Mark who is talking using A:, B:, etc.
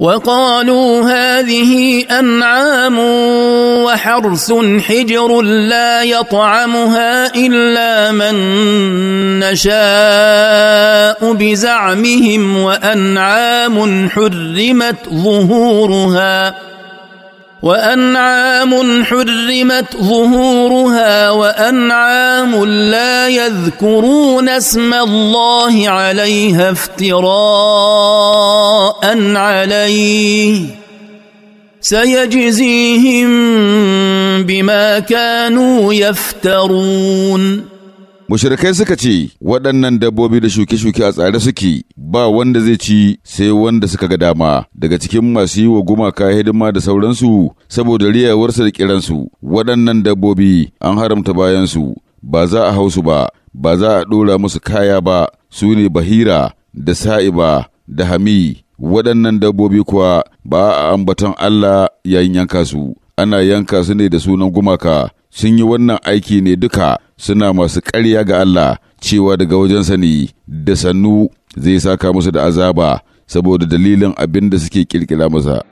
A: وقالوا هذه انعام وحرس حجر لا يطعمها الا من نشاء بزعمهم وانعام حرمت ظهورها وانعام حرمت ظهورها وانعام لا يذكرون اسم الله عليها افتراء بلاء عليه سيجزيهم بما كانوا يفترون
B: Mushirikai suka ce waɗannan dabbobi da shuke-shuke a tsare suke ba wanda zai ci sai wanda suka ga dama daga cikin masu yi wa gumaka hidima da sauransu saboda riyawarsa da kiransu waɗannan dabbobi an haramta bayansu ba za a hausu ba ba za a ɗora musu kaya ba su ne bahira da sa'iba da hami waɗannan dabbobi kuwa ba a ambaton Allah yayin yanka su, ana yanka su ne da sunan gumaka, sun yi wannan aiki ne duka suna masu ƙarya ga Allah cewa daga wajensa ne da sannu zai saka musu da azaba saboda dalilin abin da suke ƙirƙira masa.